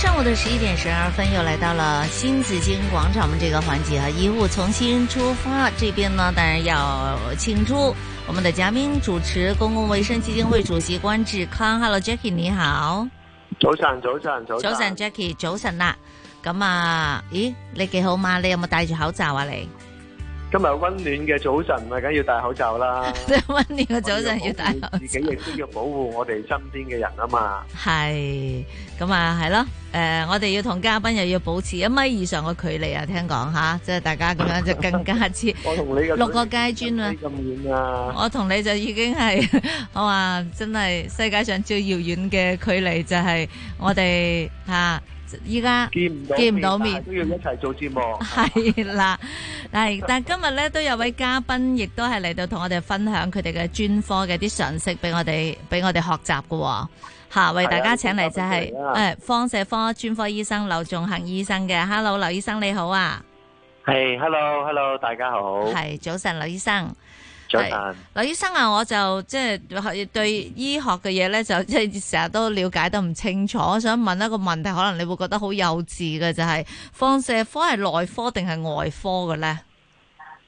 上午的十一點十二分，又來到了新紫荊廣場呢個環節啊！醫護從新出發，這邊呢當然要請出我們的嘉賓主持，公共衛生基金會主席關志康。Hello Jackie，你好。早晨，早晨，早晨早晨 Jackie，早晨啦。咁啊，咦，你幾好嘛？你有冇戴住口罩啊？你今日溫暖嘅早晨啊，梗要戴口罩啦。即溫暖嘅早晨要戴口罩。自己亦都要保護我哋身邊嘅人啊嘛。係，咁啊，係咯。誒、呃，我哋要同嘉賓又要保持一米以上嘅距離啊！聽講吓、啊，即係大家咁樣就更加切。 我同你六個階磚啊！我同你就已經係 我話真係世界上最遙遠嘅距離就係我哋吓依家見唔到見唔到面都要一齊做節目係啦，係 但係今日咧都有位嘉賓亦都係嚟到同我哋分享佢哋嘅專科嘅啲常識俾我哋俾我哋學習嘅。吓，為大家請嚟就係誒，放射科專科醫生劉仲恒醫生嘅。Hello，劉醫生你好啊。係，Hey，Hello，Hello，大家好。係，早晨，劉醫生。早晨。劉醫生啊，我就即係、就是、對醫學嘅嘢咧，就即係成日都了解得唔清楚。想問一個問題，可能你會覺得好幼稚嘅就係、是，放射科係內科定係外科嘅咧？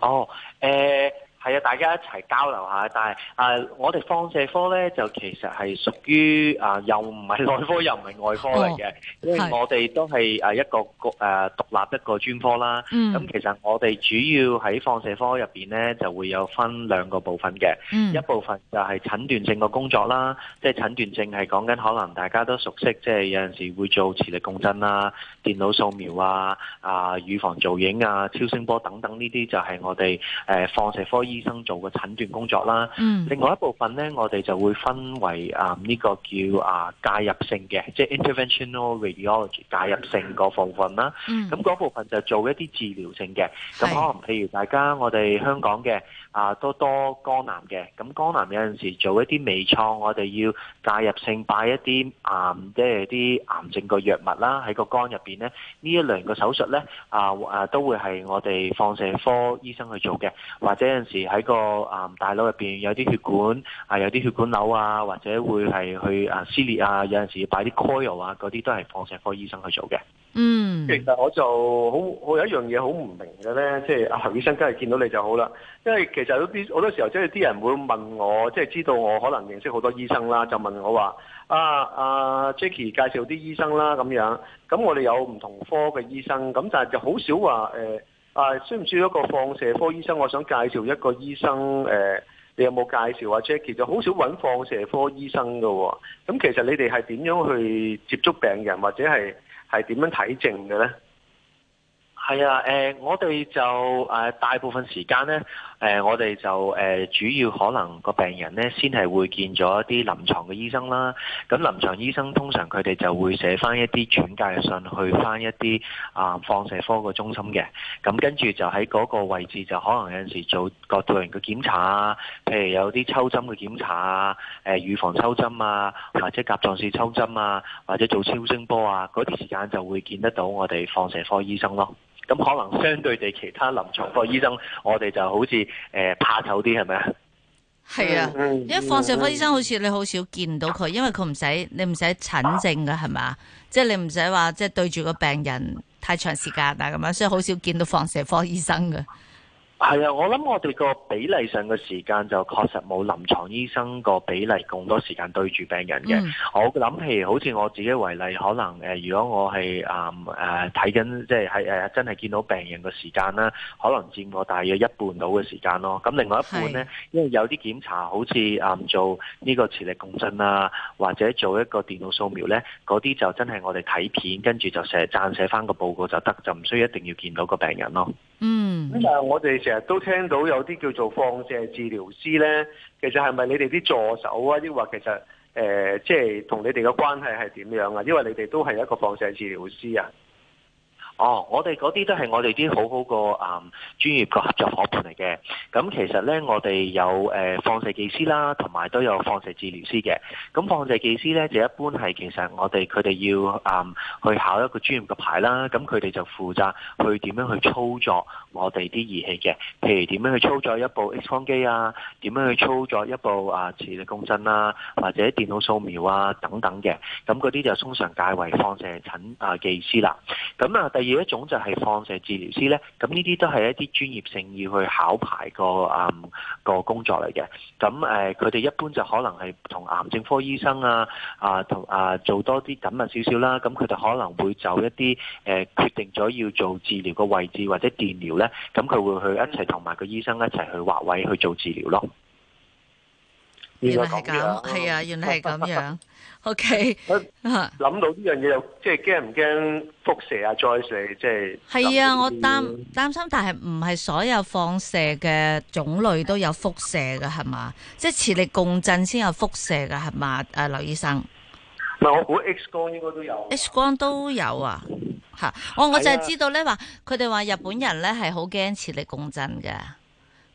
哦、Oh，欸，誒。係啊，大家一齊交流下。但係啊、呃，我哋放射科咧就其實係屬於啊、呃，又唔係內科又唔係外科嚟嘅，因為、哦、我哋都係啊一個一個誒、呃、獨立一個專科啦。咁、嗯嗯、其實我哋主要喺放射科入邊咧就會有分兩個部分嘅，嗯、一部分就係診斷性嘅工作啦，即、就、係、是、診斷性係講緊可能大家都熟悉，即、就、係、是、有陣時會做磁力共振啦。電腦掃描啊、啊、乳房造影啊、超聲波等等呢啲就係我哋誒、呃、放射科醫生做嘅診斷工作啦。嗯、另外一部分咧，我哋就會分為啊呢、這個叫啊介入性嘅，即係 Interventional Radiology 介入性嗰部分啦。咁嗰、嗯、部分就做一啲治療性嘅。咁可能譬如大家的我哋香港嘅。啊，都多，多肝癌嘅，咁肝癌有陣時做一啲微創，我哋要介入性擺一啲癌，即係啲癌症個藥物啦，喺個肝入邊咧，一個呢一類嘅手術咧，啊、呃、啊都會係我哋放射科醫生去做嘅。或者有陣時喺個癌、呃、大腦入邊有啲血管，啊有啲血管瘤啊，或者會係去啊撕裂啊，有陣時擺啲 coil 啊，嗰啲都係放射科醫生去做嘅。嗯，mm. 其實我就好，我有一樣嘢好唔明嘅咧，即係阿、啊、劉醫生真係見到你就好啦。因為其實嗰啲好多時候，即係啲人會問我，即係知道我可能認識好多醫生啦，就問我話：啊啊，Jackie 介紹啲醫生啦咁樣。咁我哋有唔同科嘅醫生，咁但係就好少話誒、欸，啊，需唔需要一個放射科醫生？我想介紹一個醫生誒。欸你有冇介紹啊？Jacky 就好少揾放射科醫生㗎，咁其實你哋係點樣去接觸病人或者係係點樣睇症嘅呢？係啊，誒、呃、我哋就誒、呃、大部分時間呢，誒、呃、我哋就誒、呃、主要可能個病人呢先係會見咗一啲臨床嘅醫生啦。咁臨床醫生通常佢哋就會寫翻一啲轉介嘅信去翻一啲啊、呃、放射科個中心嘅。咁跟住就喺嗰個位置就可能有陣時做各種嘅檢查啊，譬如有啲抽針嘅檢查啊，誒、呃、預防抽針啊，或者甲狀腺抽針啊，或者做超聲波啊，嗰啲時間就會見得到我哋放射科醫生咯。咁可能相對地，其他臨床科醫生，我哋就好似誒怕醜啲係咪啊？係、呃、啊，因為放射科醫生好似你好少見到佢，因為佢唔使你唔使診症嘅，係咪？即係、就是、你唔使話即係對住個病人太長時間啊咁樣，所以好少見到放射科醫生嘅。係啊，我諗我哋個比例上嘅時間就確實冇臨床醫生個比例咁多時間對住病人嘅。嗯、我諗譬如好似我自己為例，可能誒、呃，如果我係誒睇緊，即係係誒真係見到病人嘅時間啦，可能佔過大約一半到嘅時間咯。咁、嗯、另外一半咧，是因為有啲檢查好似誒、嗯、做呢個磁力共振啊，或者做一個電腦掃描咧，嗰啲就真係我哋睇片，跟住就寫撰寫翻個報告就得，就唔需要一定要見到個病人咯。嗯，咁但係我哋成日都聽到有啲叫做放射治療師咧，其實係咪你哋啲助手啊？抑或其實誒即係同你哋嘅關係係點樣啊？因為你哋都係一個放射治療師啊。哦，我哋嗰啲都係我哋啲好好個啊專業個合作伙伴嚟嘅。咁其實咧，我哋有誒、呃、放射技師啦，同埋都有放射治療師嘅。咁放射技師咧就一般係其實我哋佢哋要啊、嗯、去考一個專業嘅牌啦。咁佢哋就負責去點樣去操作我哋啲儀器嘅，譬如點樣去操作一部 X 光機啊，點樣去操作一部啊磁力共振啦，或者電腦掃描啊等等嘅。咁嗰啲就通常介為放射診啊技師啦。咁啊第。而一種就係放射治療師咧，咁呢啲都係一啲專業性要去考牌個啊個工作嚟嘅。咁誒，佢、呃、哋一般就可能係同癌症科醫生啊啊同啊做多啲緊密少少啦。咁佢哋可能會就一啲誒、呃、決定咗要做治療個位置或者電療咧，咁佢會去一齊同埋個醫生一齊去劃位去做治療咯。原來係咁，係 啊！原來係咁樣。O K，諗到呢樣嘢又即係驚唔驚輻射啊？再射，即係？係啊，我擔擔心，但係唔係所有放射嘅種類都有輻射噶，係嘛？即係磁力共振先有輻射噶，係嘛？誒、啊，劉醫生，嗱，我估 X 光應該都有、啊、，X 光都有啊。吓、 啊，我我就係知道咧，話佢哋話日本人咧係好驚磁力共振噶。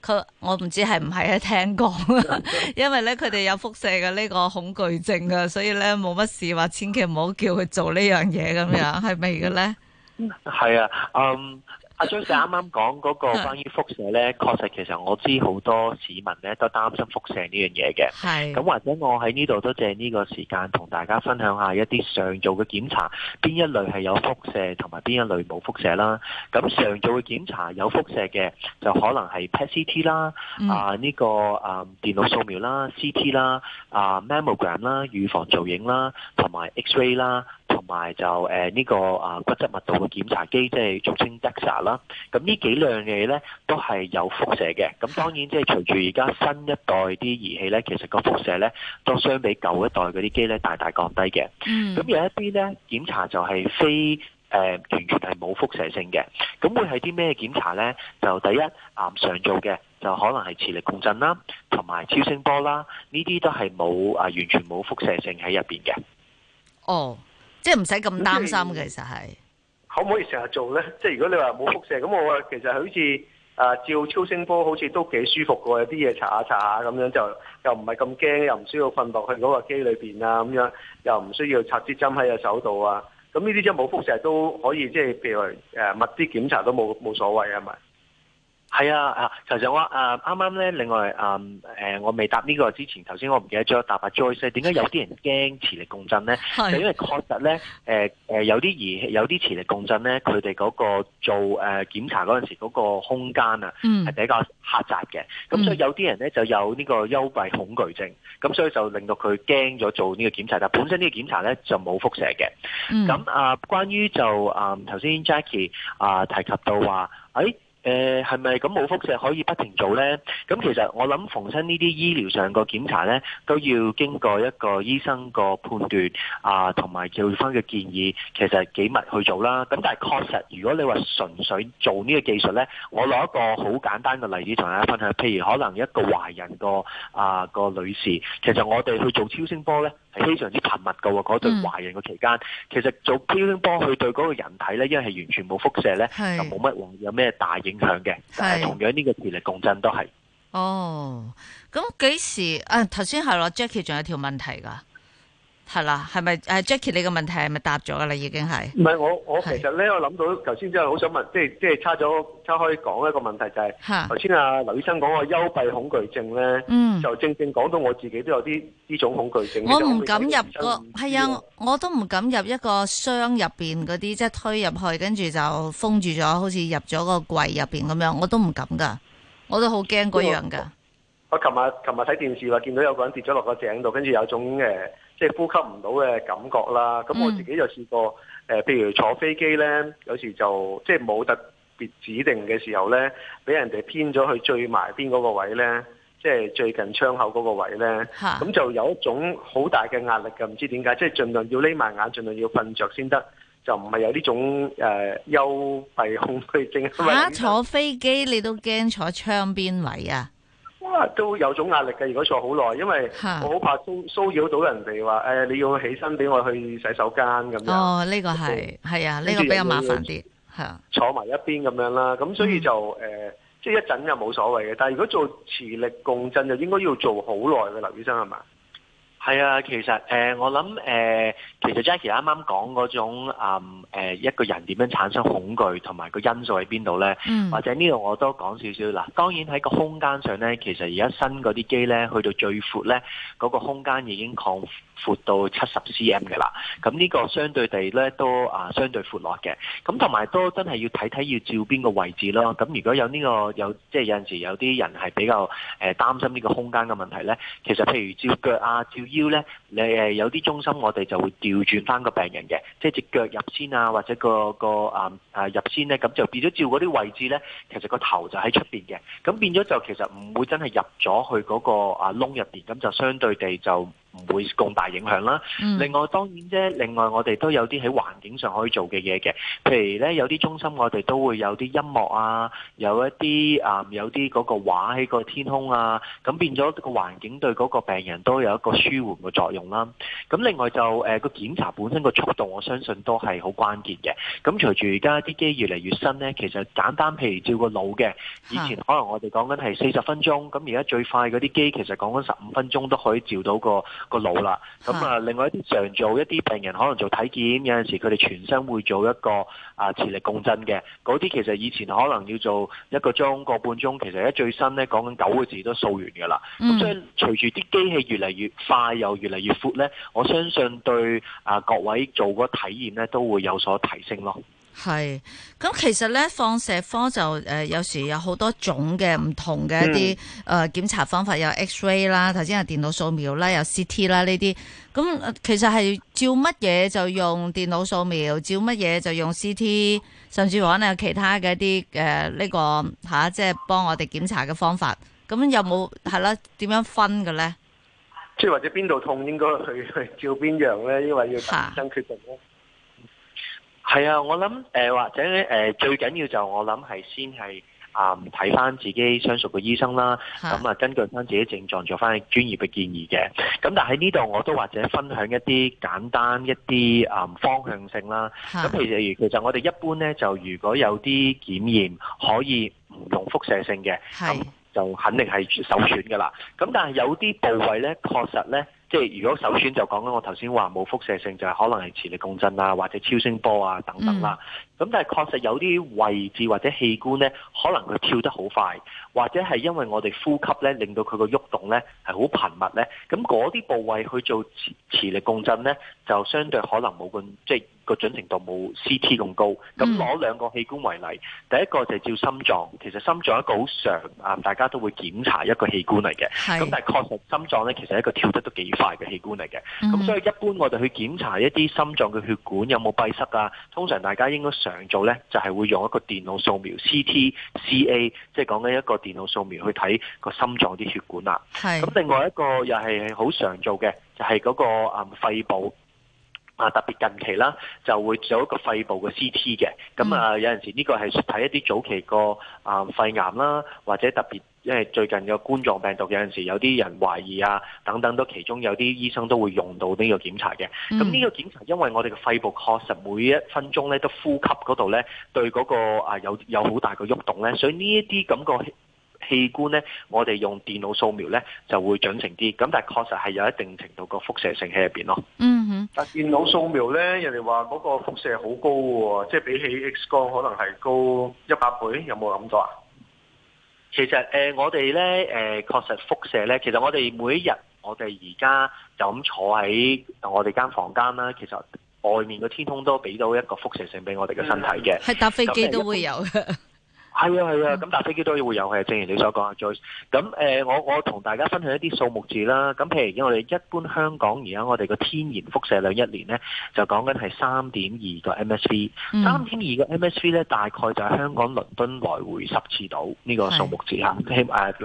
佢我唔知係唔係啊，聽講，因為咧佢哋有輻射嘅呢個恐懼症㗎，所以咧冇乜事話千祈唔好叫佢做呢樣嘢咁樣，係咪嘅咧？嗯 ，係啊，嗯。 阿張生啱啱講嗰個關於輻射呢，確實其實我知好多市民呢都擔心輻射呢樣嘢嘅。係是，咁或者我喺呢度都借呢個時間同大家分享下一啲常做嘅檢查，邊一類係有輻射同埋邊一類冇輻射啦。咁常做嘅檢查有輻射嘅，就可能係 PET CT 啦，啊呢、嗯呃這個啊、呃、電腦掃描啦、CT 啦、啊、呃、mammogram 啦、乳房造影啦，同埋 X ray 啦。同埋就誒呢個啊骨質密度嘅檢查機，即係俗稱 Dexa 啦。咁呢幾樣嘢咧，都係有輻射嘅。咁當然即係隨住而家新一代啲儀器咧，其實個輻射咧都相比舊一代嗰啲機咧大大降低嘅。嗯。咁有一啲咧檢查就係非誒、呃、完全係冇輻射性嘅。咁會係啲咩檢查咧？就第一癌常做嘅，就可能係磁力共振啦，同埋超聲波啦，呢啲都係冇啊完全冇輻射性喺入邊嘅。哦。Oh. 即係唔使咁擔心，是其實係可唔可以成日做咧？即係如果你話冇輻射咁，我其實好似啊照超聲波，好似都幾舒服噶，有啲嘢擦下擦下咁樣就又唔係咁驚，又唔需要瞓落去嗰個機裏邊啊，咁樣又唔需要插支針喺個手度啊。咁呢啲即係冇輻射都可以，即係譬如誒、啊、密啲檢查都冇冇所謂啊係咪。係 啊，啊，頭先我話啊啱啱咧，另外啊，誒、嗯呃，我未答呢個之前，頭先我唔記得咗答阿、啊、Joyce，點解有啲人驚磁力共振咧？係是，就因為確實咧，誒、呃、誒，有啲儀有啲磁力共振咧，佢哋嗰個做誒檢查嗰陣時嗰個空間啊，係、嗯、比較狹窄嘅，咁、嗯、所以有啲人咧就有呢個幽閉恐懼症，咁所以就令到佢驚咗做呢個檢查，但本身呢個檢查咧就冇輻射嘅。咁、嗯嗯、啊，關於就啊頭、嗯、先 Jackie 啊提及到話，誒、哎。誒係咪咁冇輻射可以不停做呢？咁其實我諗逢親呢啲醫療上個檢查呢，都要經過一個醫生個判斷啊，同、呃、埋叫翻嘅建議，其實幾密去做啦。咁但係確實，如果你話純粹做呢個技術呢，我攞一個好簡單嘅例子同大家分享，譬如可能一個懷孕個啊個女士，其實我哋去做超聲波呢。係非常之頻密嘅喎，嗰對懷孕嘅期間，嗯、其實做超音波去對嗰個人體咧，因為係完全冇輻射咧，就冇乜話有咩大影響嘅。係是同樣呢個磁力共振都係。哦，咁幾時？啊，頭先係咯，Jackie 仲有一條問題㗎。係啦，係咪？誒，Jackie，你個問題係咪答咗噶啦？已經係。唔係我，我其實咧，我諗到頭先真係好想問，即係即係差咗差可以講一個問題就係、是，頭先阿劉醫生講個幽閉恐懼症咧，嗯、就正正講到我自己都有啲呢種恐懼症。我唔敢入個係啊，我都唔敢入一個箱入邊嗰啲，即係推入去，跟住就封住咗，好似入咗個櫃入邊咁樣，我都唔敢噶，我都好驚嗰樣噶。我琴日琴日睇電視話見到有個人跌咗落個井度，跟住有種誒。即係呼吸唔到嘅感覺啦，咁我自己就試過誒、呃，譬如坐飛機呢，有時就即係冇特別指定嘅時候呢，俾人哋偏咗去最埋邊嗰個位呢，即係最近窗口嗰個位呢，咁哈就有一種好大嘅壓力嘅，唔知點解，即係儘量要匿埋眼，儘量要瞓着先得，就唔係有呢種誒幽閉恐懼症。而、呃、家坐飛機你都驚坐窗邊位啊？都有種壓力嘅，如果坐好耐，因為我好怕騷騷擾到人哋，話誒、哎、你要起身俾我去洗手間咁樣。哦，呢、這個係係啊，呢個比較麻煩啲，係啊。坐埋一邊咁樣啦，咁所以就誒、嗯呃，即係一陣又冇所謂嘅。但係如果做磁力共振就應該要做好耐嘅，劉醫生係嘛？係啊，其實誒、呃、我諗誒、呃，其實 Jackie 啱啱講嗰種誒、嗯呃，一個人點樣產生恐懼同埋個因素喺邊度咧？Mm. 或者呢度我都講少少嗱。當然喺個空間上咧，其實而家新嗰啲機咧，去到最闊咧，嗰個空間已經擴，闊到七十 cm 嘅啦，咁呢個相對地呢，都啊相對闊落嘅，咁同埋都真係要睇睇要照邊個位置咯。咁如果有呢、呢個有即係、就是、有陣時有啲人係比較誒、呃、擔心呢個空間嘅問題呢。其實譬如照腳啊照腰呢，你誒有啲中心我哋就會調轉翻個病人嘅，即係隻腳入先啊或者個個啊啊入先呢。咁就變咗照嗰啲位置呢，其實個頭就喺出邊嘅，咁變咗就其實唔會真係入咗去嗰個啊窿入邊，咁就相對地就。唔會咁大影響啦。嗯、另外當然啫，另外我哋都有啲喺環境上可以做嘅嘢嘅。譬如呢，有啲中心我哋都會有啲音樂啊，有一啲啊、嗯，有啲嗰個畫喺個天空啊，咁變咗個環境對嗰個病人都有一個舒緩嘅作用啦。咁另外就誒個、呃、檢查本身個速度，我相信都係好關鍵嘅。咁隨住而家啲機越嚟越新呢，其實簡單譬如照個腦嘅，以前可能我哋講緊係四十分鐘，咁而家最快嗰啲機其實講緊十五分鐘都可以照到個個腦啦，咁啊、嗯、另外一啲常做一啲病人可能做體檢，有陣時佢哋全身會做一個啊、呃、磁力共振嘅，嗰啲其實以前可能要做一個鐘個半鐘，其實而家最新咧講緊九個字都掃完㗎啦。咁、嗯、所以隨住啲機器越嚟越快又越嚟越闊咧，我相信對啊、呃、各位做個體驗咧都會有所提升咯。係，咁其實咧放射科就誒、呃、有時有好多種嘅唔同嘅一啲誒檢查方法，有 X-ray 啦，頭先係電腦掃描啦，有 CT 啦呢啲，咁、嗯、其實係照乜嘢就用電腦掃描，照乜嘢就用 CT，甚至可能有其他嘅一啲誒呢個吓、啊，即係幫我哋檢查嘅方法，咁有冇係啦？點樣分嘅咧？即係或者邊度痛應該去去照邊樣咧？因為要醫生決定咧。啊係啊，我諗誒、呃、或者誒、呃、最緊要就我諗係先係啊睇翻自己相熟嘅醫生啦，咁啊、嗯、根據翻自己症狀做翻專業嘅建議嘅。咁、嗯、但喺呢度我都或者分享一啲簡單一啲啊、嗯、方向性啦。咁其實其實我哋一般咧就如果有啲檢驗可以唔用輻射性嘅，咁、嗯、就肯定係首選㗎啦。咁、嗯、但係有啲部位咧確實咧。即係如果首選就講緊我頭先話冇輻射性，就係可能係磁力共振啊，或者超聲波啊等等啦。咁、嗯、但係確實有啲位置或者器官呢，可能佢跳得好快，或者係因為我哋呼吸呢，令到佢個喐動呢係好頻密呢。咁嗰啲部位去做磁力共振呢，就相對可能冇咁即係個準程度冇 CT 咁高。咁攞、嗯嗯、兩個器官為例，第一個就係照心臟，其實心臟一個好常啊，大家都會檢查一個器官嚟嘅。咁但係確實心臟呢，其實一個跳得都幾。快嘅器官嚟嘅，咁、嗯、所以一般我哋去檢查一啲心臟嘅血管有冇閉塞啊，通常大家應該常做呢，就係、是、會用一個電腦掃描 CT、CA，即係講緊一個電腦掃描去睇個心臟啲血管啦、啊。咁是另外一個又係好常做嘅，就係、是、嗰個肺部啊，特別近期啦，就會做一個肺部嘅 CT 嘅，咁啊、嗯、有陣時呢個係睇一啲早期個啊、嗯、肺癌啦，或者特別。因為最近嘅冠狀病毒有陣時有啲人懷疑啊，等等都其中有啲醫生都會用到呢個檢查嘅。咁呢、mm hmm. 個檢查，因為我哋嘅肺部確實每一分鐘咧都呼吸嗰度咧，對嗰個啊有有好大嘅喐動咧，所以呢一啲咁個器官咧，我哋用電腦掃描咧就會準成啲。咁但係確實係有一定程度個輻射性喺入邊咯。嗯哼、mm，hmm. 但係電腦掃描咧，人哋話嗰個輻射好高、啊，即係比起 X 光可能係高一百倍，有冇諗到啊？其實誒、呃，我哋咧誒，確、呃、實輻射咧。其實我哋每一日，我哋而家就咁坐喺我哋間房間啦。其實外面嘅天空都俾到一個輻射性俾我哋嘅身體嘅，係、嗯、搭飛機什都會有通 係啊，係啊，咁搭飛機都要會有，係正如你所講啊，Joyce，咁誒，我我同大家分享一啲數目字啦。咁譬如而家我哋一般香港而家我哋個天然輻射量一年咧，就講緊係三點二個 mSv，三點二個 mSv 咧，大概就係香港倫敦來回十次到呢個數目字嚇。希誒誒，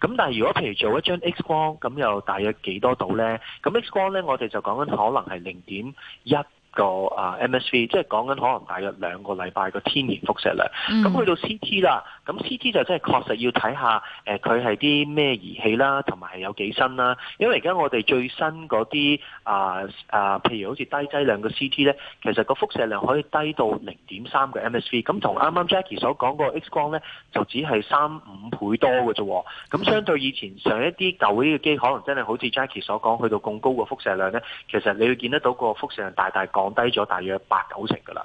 咁但係如果譬如做一張 X 光，咁又大約幾多度咧？咁 X 光咧，我哋就講緊可能係零點一。個啊 MSV 即係講緊可能大約兩個禮拜個天然輻射量，咁去到 CT 啦，咁 CT 就真係確實要睇下誒佢係啲咩儀器啦，同埋係有幾新啦。因為而家我哋最新嗰啲啊啊，譬如好似低劑量嘅 CT 咧，其實個輻射量可以低到零點三嘅 MSV，咁同啱啱 Jackie 所講個 X 光咧，就只係三五倍多嘅啫。咁相對以前上一啲舊啲嘅機，可能真係好似 Jackie 所講，去到咁高嘅輻射量咧，其實你會見得到個輻射量大大降。低咗大約八九成噶啦，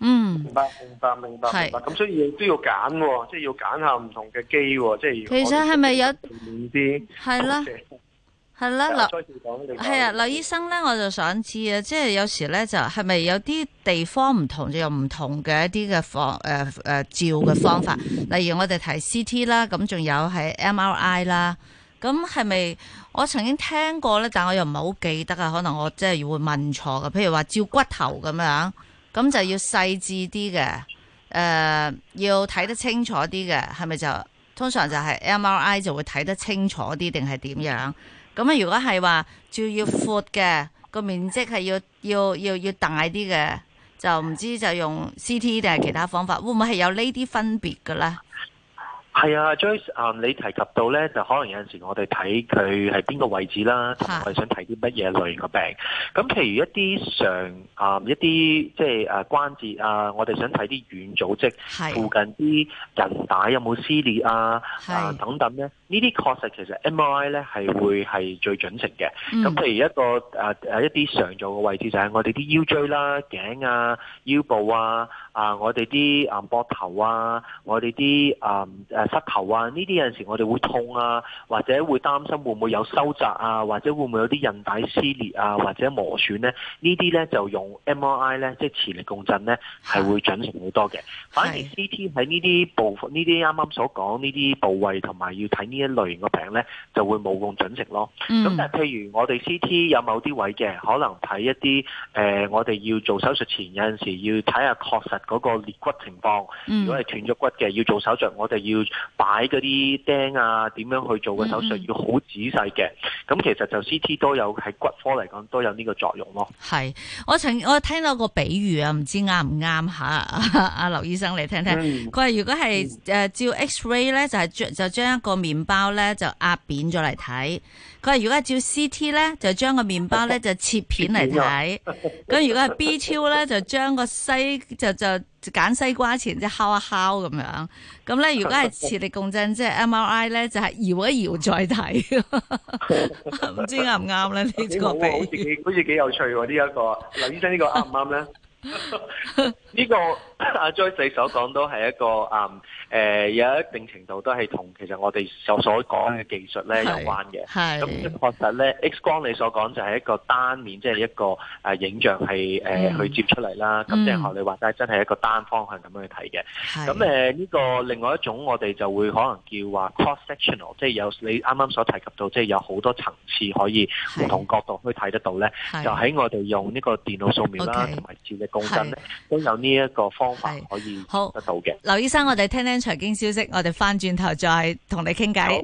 嗯，明白，明白，明白，明白，咁是所以都要揀，即係要揀下唔同嘅機，即係其實係咪有啲係啦，係像啦。劉係啊，劉醫生咧，我就想知啊，即係有時咧，就係咪有啲地方唔同，就有唔同嘅一啲嘅方誒誒照嘅方法， 例如我哋睇 CT 啦，咁仲有係 MRI 啦。咁係咪我曾經聽過咧？但我又唔係好記得啊，可能我即係會問錯噶。譬如話照骨頭咁樣，咁就要細致啲嘅，誒、呃，要睇得清楚啲嘅，係咪就通常就係 MRI 就會睇得清楚啲，定係點樣？咁啊，如果係話照要闊嘅個面積係要要要要大啲嘅，就唔知就用 CT 定係其他方法，會唔會係有呢啲分別噶咧？係啊，Joyce，啊、嗯，你提及到咧，就可能有陣時我哋睇佢係邊個位置啦，的我哋想睇啲乜嘢類型嘅病。咁譬如一啲常，啊、嗯，一啲即係誒關節啊，我哋想睇啲軟組織的附近啲韌帶有冇撕裂啊，的啊等等咧。呢啲確實其實 MRI 咧係會係最準成嘅。咁譬如一個誒誒、呃、一啲常做嘅位置就係我哋啲腰椎啦、頸啊、腰部啊、啊、呃、我哋啲誒膊頭啊、我哋啲誒誒膝頭啊，呢啲有陣時我哋會痛啊，或者會擔心會唔會有收窄啊，或者會唔會有啲韌帶撕裂啊，或者磨損咧？呢啲咧就用 MRI 咧，即係磁力共振咧係會準成好多嘅。反而 CT 喺呢啲部分，呢啲啱啱所講呢啲部位同埋要睇呢。一類型個病咧就會冇咁準確咯。咁、嗯、但係譬如我哋 CT 有某啲位嘅，可能睇一啲誒、呃，我哋要做手術前有陣時要睇下確實嗰個裂骨情況。嗯、如果係斷咗骨嘅，要做手術，我哋要擺嗰啲釘啊，點樣去做個手術要好仔細嘅。咁、嗯嗯、其實就 CT 都有喺骨科嚟講都有呢個作用咯。係，我曾我聽到個比喻啊，唔知啱唔啱吓？阿 劉醫生你聽聽，佢話、嗯、如果係誒、嗯、照 X-ray 咧，ray, 就係、是、就將一個面麵包咧就壓扁咗嚟睇，佢話如果係照 C T 咧，就將個麵包咧就切片嚟睇；咁 如果係 B 超咧，就將個西就就揀西瓜前即係敲一敲咁樣。咁咧如果係磁力共振即係 M R I 咧，就係搖一搖再睇。唔 知啱唔啱咧呢個 好似幾好似幾有趣喎！呢一個嗱，劉醫生呢個啱唔啱咧？ 呢個阿 Joyce 你所講都係一個啊誒有一定程度都係同其實我哋所所講嘅技術咧有關嘅。咁確實咧 X 光你所講就係一個單面，即係一個啊影像係誒去接出嚟啦。咁正學你話齋真係一個單方向咁樣去睇嘅。咁誒呢個另外一種我哋就會可能叫話 cross-sectional，即係有你啱啱所提及到，即係有好多層次可以唔同角度去睇得到咧。就喺我哋用呢個電腦掃描啦同埋照嘅。係是都有呢一個方法可以做得到嘅。劉醫生，我哋聽聽財經消息，我哋翻轉頭再同你傾偈。